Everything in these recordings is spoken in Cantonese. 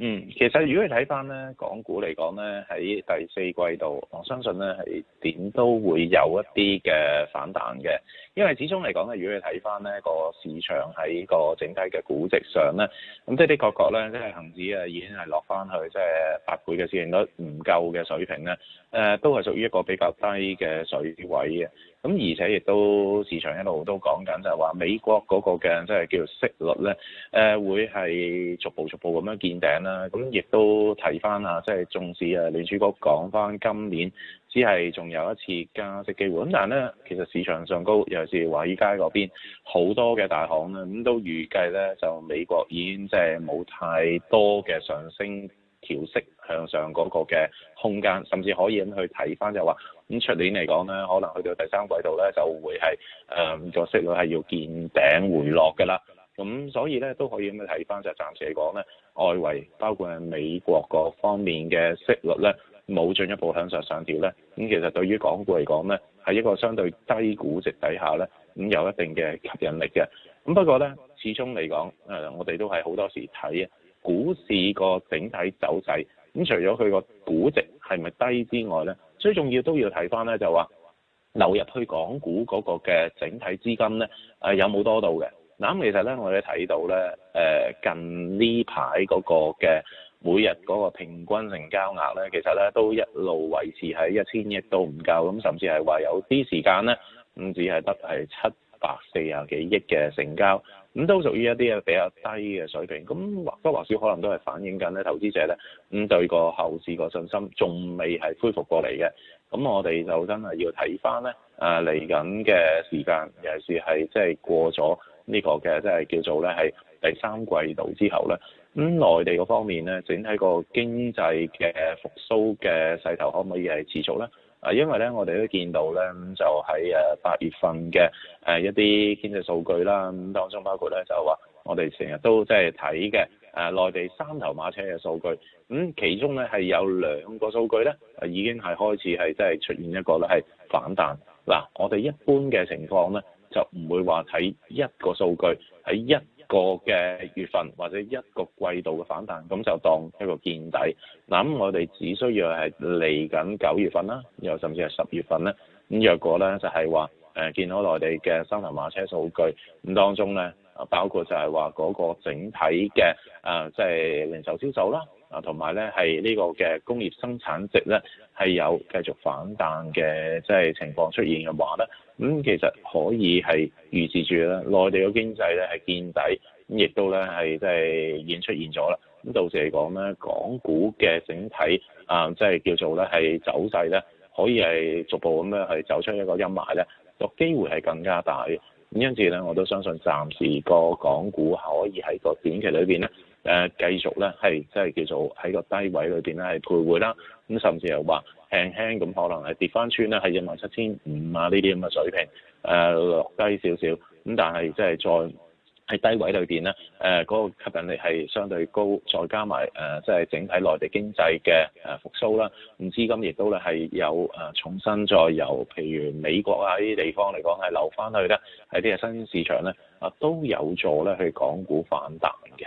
嗯，其實如果你睇翻咧，港股嚟講咧，喺第四季度，我相信咧係點都會有一啲嘅反彈嘅，因為始終嚟講咧，如果你睇翻咧個市場喺個整體嘅估值上咧，咁即係的確確咧，即係恒指啊已經係落翻去即係八倍嘅市盈率唔夠嘅水平咧，誒、呃、都係屬於一個比較低嘅水位嘅。咁而且亦都市場一路都講緊就係話美國嗰個嘅即係叫做息率咧，誒會係逐步逐步咁樣見頂啦。咁亦都睇翻下即係縱使啊聯儲局講翻今年只係仲有一次加息機會，咁但係咧其實市場上高尤其是華爾街嗰邊好多嘅大行啦，咁都預計咧就美國已經即係冇太多嘅上升調息向上嗰個嘅空間，甚至可以咁去睇翻就係話，咁出年嚟講咧，可能去到第三季度咧就會係誒，咁，嗯，嗰個息率係要見頂回落㗎啦。咁所以咧都可以咁樣睇返，就暫時嚟講咧，外圍包括係美國各方面嘅息率咧，冇進一步向上上調咧。咁其實對於港股嚟講咧，喺一個相對低估值底下咧，咁有一定嘅吸引力嘅。咁不過咧，始終嚟講誒，我哋都係好多時睇股市個整體走勢。咁除咗佢個估值係咪低之外咧？最重要都要睇翻咧，就話流入去港股嗰個嘅整體資金咧，誒有冇多到嘅？嗱咁其實咧，我哋睇到咧、呃，近呢排嗰個嘅每日嗰個平均成交額咧，其實咧都一路維持喺一千億都唔夠，咁甚至係話有啲時間咧，唔止係得係七百四十幾億嘅成交，咁都屬於一啲比較低嘅水平，咁或多或少可能都係反映緊咧投資者咧，咁對個後市個信心仲未係恢復過嚟嘅，咁我哋就真係要睇翻咧，誒嚟緊嘅時間，尤其是係即係過咗呢個嘅即係叫做咧係第三季度之後咧，咁內地嗰方面咧，整體個經濟嘅復甦嘅勢頭可唔可以係持續咧？因為咧，我哋都見到咧，就喺誒八月份嘅誒一啲經濟數據啦，咁當中包括咧就話，我哋成日都即係睇嘅，誒內地三頭馬車嘅數據，咁其中咧係有兩個數據咧，已經係開始係即係出現一個咧係反彈。嗱，我哋一般嘅情況咧，就唔會話睇一個數據喺一個嘅月份或者一個季度嘅反彈，咁就當一個見底。咁我哋只需要係嚟緊九月份啦，又甚至係十月份咧。咁若果咧就係話，誒見到內地嘅三輪馬車數據，咁當中咧，包括就係話嗰個整體嘅，啊即係零售銷售啦。啊，同埋咧，係呢個嘅工業生產值咧，係有繼續反彈嘅，即係情況出現嘅話咧，咁、嗯、其實可以係預示住啦，內地嘅經濟咧係見底，咁亦都咧係即係已經出現咗啦。咁到時嚟講咧，港股嘅整體啊，即係叫做咧係走勢咧，可以係逐步咁樣去走出一個陰霾咧，個機會係更加大嘅。咁因此咧，我都相信暫時個港股可以喺個短期裏面呢。咧。誒、呃、繼續咧，係即係叫做喺個低位裏邊咧係徘徊啦。咁甚至又話輕輕咁可能係跌翻穿咧，係一萬七千五啊呢啲咁嘅水平誒落、呃、低少少。咁但係即係再喺低位裏邊咧，誒、呃、嗰、那個吸引力係相對高，再加埋誒、呃、即係整體內地經濟嘅誒復甦啦。咁、呃、資金亦都咧係有誒重新再由譬如美國啊呢啲地方嚟講係流翻去咧，喺啲新興市場咧啊都有助咧去港股反彈嘅。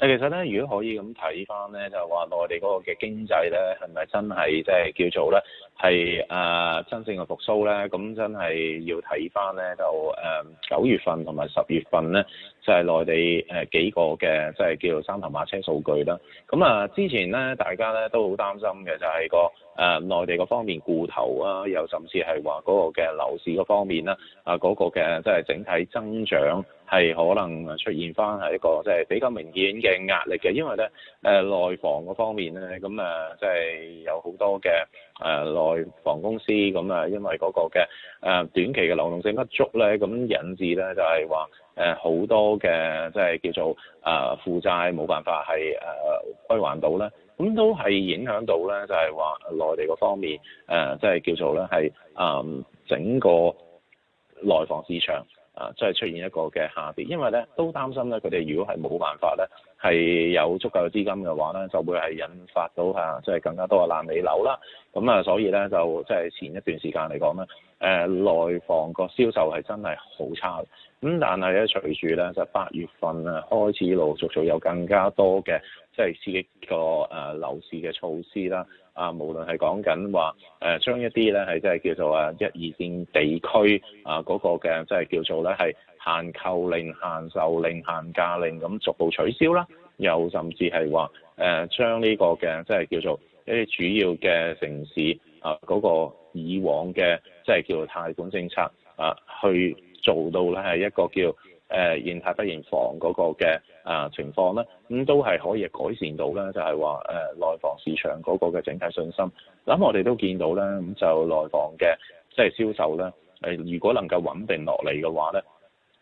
其實咧，如果可以咁睇翻咧，就話內地嗰個嘅經濟咧，係咪真係即係叫做咧，係誒、呃、真正嘅復甦咧？咁真係要睇翻咧，就誒九、呃、月份同埋十月份咧，就係、是、內地誒幾個嘅即係叫做三頭馬車數據啦。咁啊，之前咧，大家咧都好擔心嘅就係、是、個。誒、呃、內地方面固投啊，又甚至係話嗰個嘅樓市方面啦、啊，啊、那、嗰個嘅即係整體增長係可能出現翻係一個即係比較明顯嘅壓力嘅，因為咧誒、呃、內房嗰方面咧，咁啊，即係有好多嘅誒內房公司咁啊，因為嗰個嘅、呃、短期嘅流動性不足咧，咁引致咧就係話。誒好多嘅即係叫做啊、呃、負債冇辦法係誒、呃、歸還到咧，咁都係影響到咧，就係、是、話內地嗰方面誒，即、呃、係、就是、叫做咧係啊整個內房市場啊，即、就、係、是、出現一個嘅下跌，因為咧都擔心咧佢哋如果係冇辦法咧係有足夠嘅資金嘅話咧，就會係引發到啊即係、就是、更加多嘅爛尾樓啦。咁啊，所以咧就即係前一段時間嚟講咧。誒、呃、內房個銷售係真係好差的，咁但係咧隨住咧就八月份啊開始陸續續有更加多嘅，即係刺激個誒、呃、樓市嘅措施啦。啊，無論係講緊話誒將一啲咧係即係叫做啊一、二線地區啊嗰、那個嘅即係叫做咧係限購令、限售令、限價令咁逐步取消啦，又甚至係話誒將呢個嘅即係叫做一啲主要嘅城市啊嗰、那個。以往嘅即係叫貸款政策啊，去做到咧係一個叫誒、呃、現貸不現房嗰個嘅啊情況咧，咁、嗯、都係可以改善到咧，就係話誒內房市場嗰個嘅整體信心。咁我哋都見到咧，咁、嗯、就內房嘅即係銷售咧，誒如果能夠穩定落嚟嘅話咧，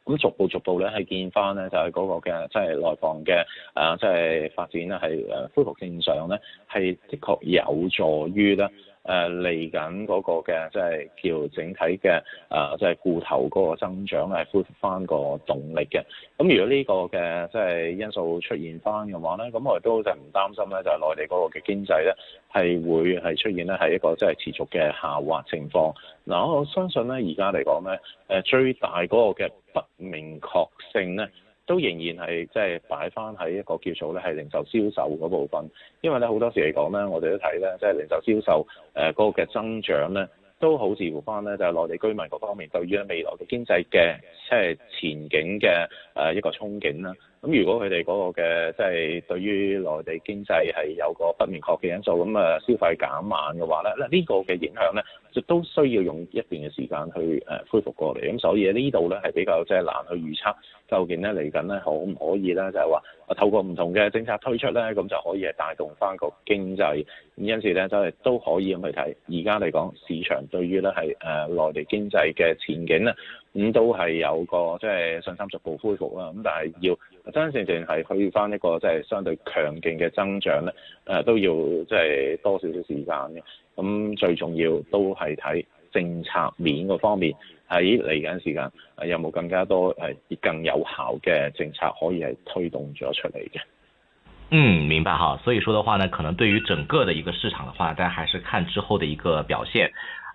咁逐步逐步咧係見翻咧就係、是、嗰個嘅即係內房嘅啊即係、就是、發展咧係誒恢復正常咧，係的確有助於咧。誒嚟緊嗰個嘅，即、就、係、是、叫整體嘅，誒即係固投嗰個增長係恢復翻個動力嘅。咁如果呢個嘅即係因素出現翻嘅話咧，咁我哋都就唔擔心咧，就係、是、內地嗰個嘅經濟咧係會係出現咧係一個即係持續嘅下滑情況。嗱，我相信咧而家嚟講咧，誒最大嗰個嘅不明確性咧。都仍然係即係擺翻喺一個叫做咧係零售銷售嗰部分，因為咧好多時嚟講咧，我哋都睇咧即係零售銷售嗰個嘅增長咧，都好似乎翻咧就係內地居民各方面對於未來嘅經濟嘅即係前景嘅一個憧憬啦。咁如果佢哋嗰個嘅即係對於內地經濟係有個不明確嘅因素，咁啊消費減慢嘅話咧，呢個嘅影響咧，就都需要用一段嘅時間去恢復過嚟。咁所以呢度咧係比較即係難去預測。究竟咧嚟緊咧可唔可以咧就係話，透過唔同嘅政策推出咧，咁就可以係帶動翻個經濟，因此呢，咧都係都可以咁去睇。而家嚟講，市場對於咧係誒內地經濟嘅前景呢，咁都係有個即係信心逐步恢復啦。咁但係要真真正正係去翻一個即係相對強勁嘅增長咧，誒都要即係多少少時間嘅。咁最重要都係睇政策面個方面。喺嚟緊時間，有冇更加多誒更有效嘅政策可以係推動咗出嚟嘅？嗯，明白。所以講的話呢，可能對於整個的一個市場的話，但係還是看之後的一個表現。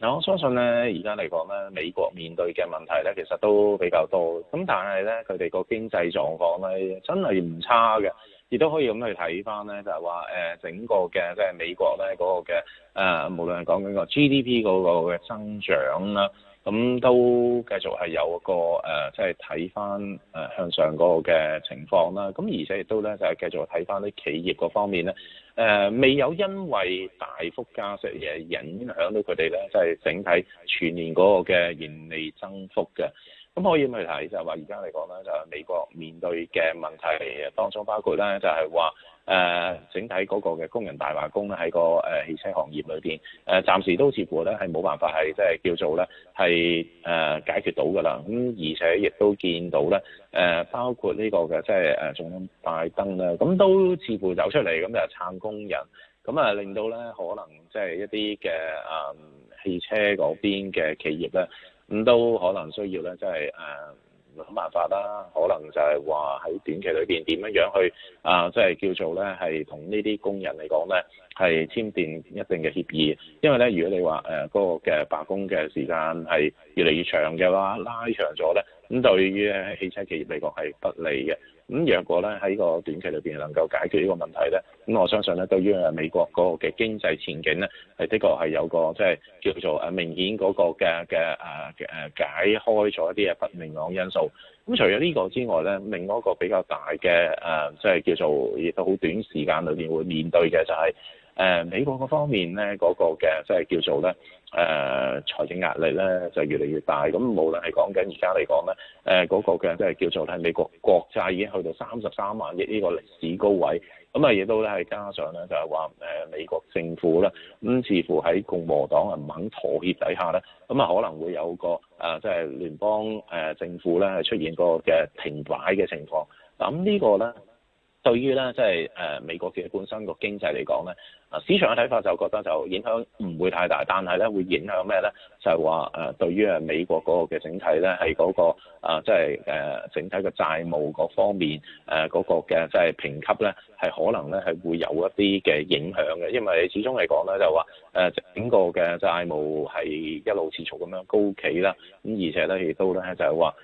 嗱，我相信咧，而家嚟講咧，美國面對嘅問題咧，其實都比較多。咁但係咧，佢哋個經濟狀況咧，真係唔差嘅。亦都可以咁去睇翻咧，就係話誒整個嘅即係美國咧嗰個嘅誒，無論係講緊個 GDP 嗰個嘅增長啦，咁都繼續係有個誒，即係睇翻誒向上嗰個嘅情況啦。咁而且亦都咧就係繼續睇翻啲企業嗰方面咧，誒未有因為大幅加息而影響到佢哋咧，即係整體全年嗰個嘅盈利增幅嘅。咁可以去睇，就係話而家嚟講咧，就係美國面對嘅問題當中包括咧，就係話誒整體嗰個嘅工人大罷工咧喺、個誒、呃、汽車行業裏邊誒，暫時都似乎咧係冇辦法係即係叫做咧係誒解決到㗎啦。咁而且亦都見到咧誒、呃，包括呢個嘅即係誒總統拜登啦，咁都似乎走出嚟咁就撐工人，咁啊令到咧可能即係一啲嘅誒汽車嗰邊嘅企業咧。咁都可能需要咧，即係誒，諗辦法啦。可能就係話喺短期裏面點樣去啊，即係叫做咧，係同呢啲工人嚟講咧，係簽訂一定嘅協議。因為咧，如果你話誒嗰個嘅罷工嘅時間係越嚟越長嘅話，拉長咗咧，咁對於咧汽車企業嚟講係不利嘅。咁若果咧喺個短期裏邊能夠解決呢個問題咧，咁我相信咧，對於誒美國嗰個嘅經濟前景咧，係的確係有個即係、就是、叫做誒明顯嗰個嘅嘅誒誒解開咗一啲嘅不明朗因素。咁除咗呢個之外咧，另外一個比較大嘅誒即係叫做亦都好短時間裏邊會面對嘅就係、是。誒、呃、美國嗰方面咧，嗰、那個嘅即係叫做咧，誒、呃、財政壓力咧就越嚟越大。咁無論係講緊而家嚟講咧，誒、呃、嗰、那個嘅即係叫做咧，美國國債已經去到三十三萬億呢個歷史高位。咁啊，亦都咧係加上咧，就係、是、話美國政府呢，咁似乎喺共和黨啊唔肯妥協底下咧，咁啊可能會有個誒即係聯邦誒政府咧出現個嘅停擺嘅情況。咁呢個咧，對於咧即係誒美國嘅本身個經濟嚟講咧。啊，市場嘅睇法就覺得就影響唔會太大，但係咧會影響咩咧？就係話誒，對於美國嗰個嘅整體咧，係嗰、嗰個即係、呃即係呃、整體嘅債務嗰方面誒嗰、呃嗰個嘅即係評級咧，係可能咧係會有一啲嘅影響嘅，因為始終嚟講咧就話誒、呃、整個嘅債務係一路持續咁樣高企啦，咁而且咧亦都咧就係話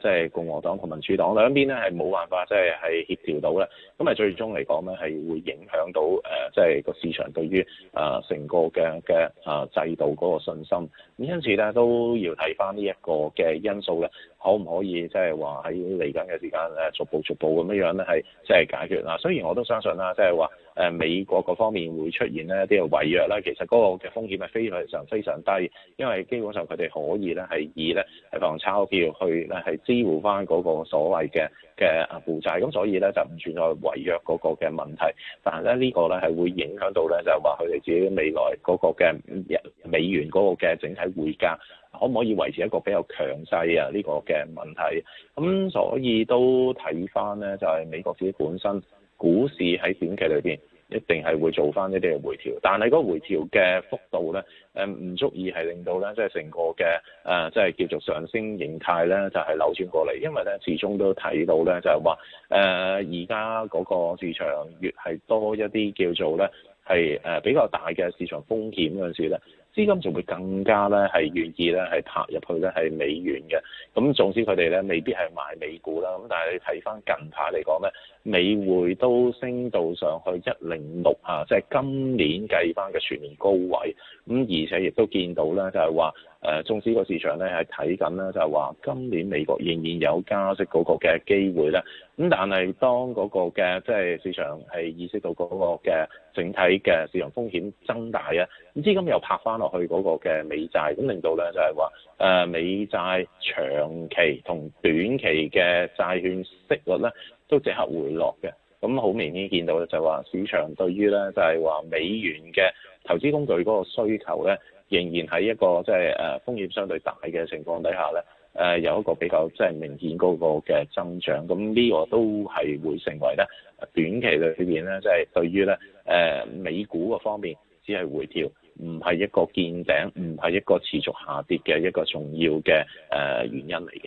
即係共和黨同民主黨兩邊咧係冇辦法即係係協調到呢。咁啊最終嚟講咧係會影響到誒即係個，呃即係市場對於啊成、呃、個嘅嘅啊制度嗰個信心，咁因此咧都要睇返呢一個嘅因素咧，可唔可以即係話喺嚟緊嘅時間誒，逐步逐步咁樣樣咧，係即係解決啦。雖然我都相信啦，即係話。誒美國嗰方面會出現呢啲嘅違約咧，其實嗰個嘅風險係非常非常低，因為基本上佢哋可以咧係以咧係印鈔票去咧係支付翻嗰個所謂嘅嘅負債，咁所以咧就唔存在違約嗰個嘅問題。但係咧呢個咧係會影響到咧就係話佢哋自己未來嗰個嘅美元嗰個嘅整體匯價可唔可以維持一個比較強勢啊？呢個嘅問題，咁所以都睇翻咧就係美國自己本身。股市喺短期裏邊一定係會做翻一啲嘅回調，但係嗰個回調嘅幅度咧，誒唔足以係令到咧，即係成個嘅誒，即係叫做上升形態咧，就係扭轉過嚟，因為咧，始終都睇到咧，就係話誒，而家嗰個市場越係多一啲叫做咧，係誒比較大嘅市場風險嗰陣時咧。資金仲會更加咧係願意咧係拍入去咧係美元嘅，咁總之呢，佢哋咧未必係買美股啦，咁但係你睇翻近排嚟講咧，美匯都升到上去一零六啊，即係今年計翻嘅全年高位，咁，嗯，而且亦都見到咧就係話。誒、呃，縱使個市場咧係睇緊呢就係話今年美國仍然有加息嗰個嘅機會呢，咁但係當嗰個嘅即係市場係意識到嗰個嘅整體嘅市場風險增大，咁資金又拍翻落去嗰個嘅美債，咁令到咧就係話，誒、呃、美債長期同短期嘅債券息率咧都即刻回落嘅。咁好明顯見到咧就係話市場對於咧就係話美元嘅。投資工具嗰個需求咧，仍然喺一個即係誒風險相對大嘅情況底下咧，誒、啊、有一個比較即係明顯嗰個嘅增長，咁呢個都係會成為咧短期裏邊咧，即、就、係、是、對於咧誒、啊、美股個方面只係回調，唔係一個見頂，唔係一個持續下跌嘅一個重要嘅誒、啊、原因嚟嘅。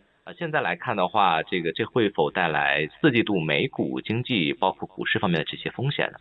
啊，現在來看的話，這個這會否帶來四季度美股經濟包括股市方面的這些風險呢？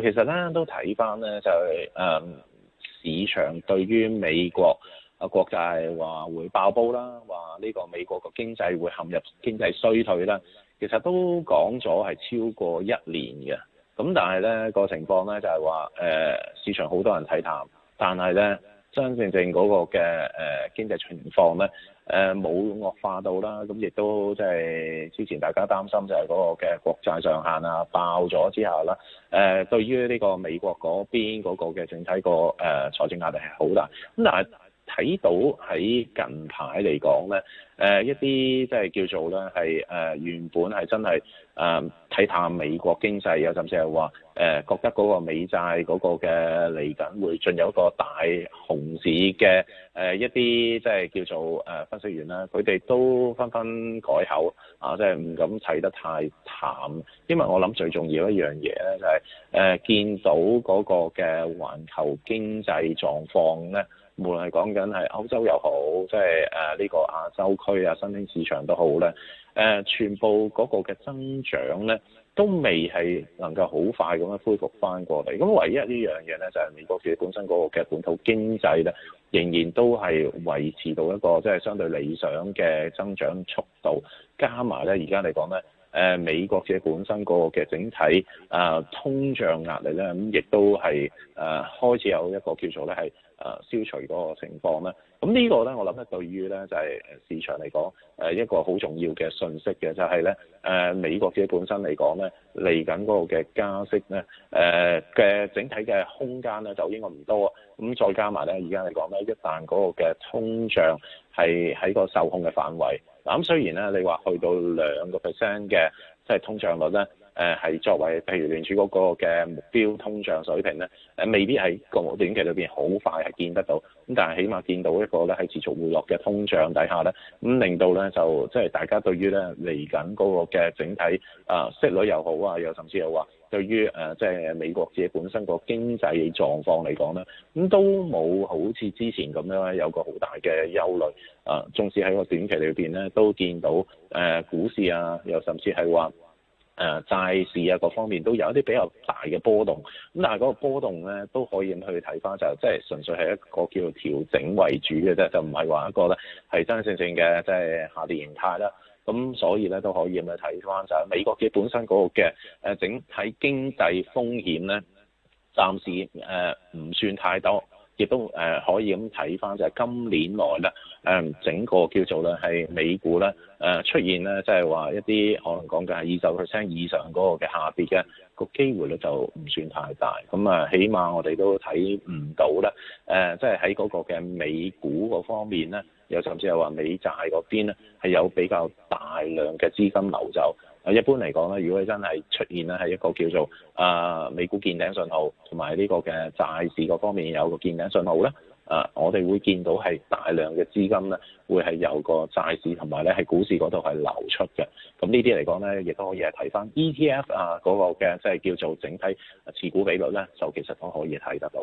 其實咧都睇返咧就係、是嗯、市場對於美國啊國債話會爆煲啦，話呢個美國個經濟會陷入經濟衰退啦。其實都講咗係超過一年嘅，咁但係咧、這個情況咧就係話、呃、市場好多人睇淡，但係咧。真正正嗰個嘅誒經濟情況咧，誒冇惡化到啦，咁亦都即係之前大家擔心就係嗰個嘅國債上限啊爆咗之後啦，誒對於呢個美國嗰邊嗰個嘅整體個誒財政壓力係好大，咁但係睇到喺近排嚟講咧，誒一啲即係叫做咧係誒原本係真係誒睇淡美國經濟，呀甚至係話。誒、呃、覺得嗰個美債嗰個嘅嚟緊會進入一個大熊市嘅誒、呃、一啲即係叫做誒、呃、分析員啦，佢哋都紛紛改口啊，即係唔敢睇得太淡。因為我諗最重要一樣嘢咧，就係誒見到嗰個嘅環球經濟狀況咧，無論係講緊係歐洲又好，即係誒呢個亞洲區啊，新興市場都好咧，誒、呃、全部嗰個嘅增長咧。都未係能夠好快咁樣恢復翻過嚟，咁唯一樣呢樣嘢咧就係、是、美國自己本身嗰個嘅本土經濟咧，仍然都係維持到一個即係、就是、相對理想嘅增長速度，加埋咧而家嚟講咧，誒美國自己本身嗰個嘅整體啊通脹壓力咧，咁亦都係誒、啊、開始有一個叫做咧係。誒消除嗰個情況咧，咁呢個咧，我諗咧對於咧就係誒市場嚟講誒一個好重要嘅信息嘅，就係咧誒美國自己本身嚟講咧嚟緊嗰個嘅加息咧誒嘅整體嘅空間咧就應該唔多啊。咁再加埋咧，而家嚟講咧，一旦嗰個嘅通脹係喺個受控嘅範圍，嗱咁雖然咧你話去到兩個 percent 嘅即係通脹率咧。誒、呃、係作為譬如聯儲嗰個嘅目標通脹水平咧，誒、呃、未必喺個短期裏邊好快係見得到，咁但係起碼見到一個咧喺持續回落嘅通脹底下咧，咁、嗯、令到咧就即係、就是、大家對於咧嚟緊嗰個嘅整體啊息率又好啊，又、啊、甚至係話對於誒即係美國自己本身個經濟狀況嚟講咧，咁、嗯、都冇好似之前咁樣有個好大嘅憂慮，啊，縱使喺個短期裏邊咧都見到誒、啊、股市啊，又、啊、甚至係話，誒、啊、債市啊，各方面都有一啲比較大嘅波動，咁但係嗰個波動咧都可以去睇翻、就係，就係即係純粹係一個叫做調整為主嘅啫，就唔係話一個咧係真真正正嘅即係下跌形態啦。咁所以咧都可以咁去睇翻，就係美國嘅本身嗰個嘅誒整體經濟風險咧，暫時誒、呃、唔算太多。亦都誒可以咁睇翻，就係今年內咧，誒整個叫做咧係美股咧，誒出現咧，即係話一啲可能講緊係二十 percent 以上嗰個嘅下跌嘅個機會率就唔算太大。咁啊，起碼我哋都睇唔到咧，誒即係喺嗰個嘅美股嗰方面咧，又甚至係話美債嗰邊咧係有比較大量嘅資金流走。啊，一般嚟講咧，如果你真係出現咧係一個叫做啊美股見頂信號，同埋呢個嘅債市嗰方面有個見頂信號咧，啊，我哋會見到係大量嘅資金咧，會係由個債市同埋咧喺股市嗰度係流出嘅。咁呢啲嚟講咧，亦都可以係睇翻 ETF 啊嗰個嘅即係叫做整體持股比率咧，就其實都可以睇得到。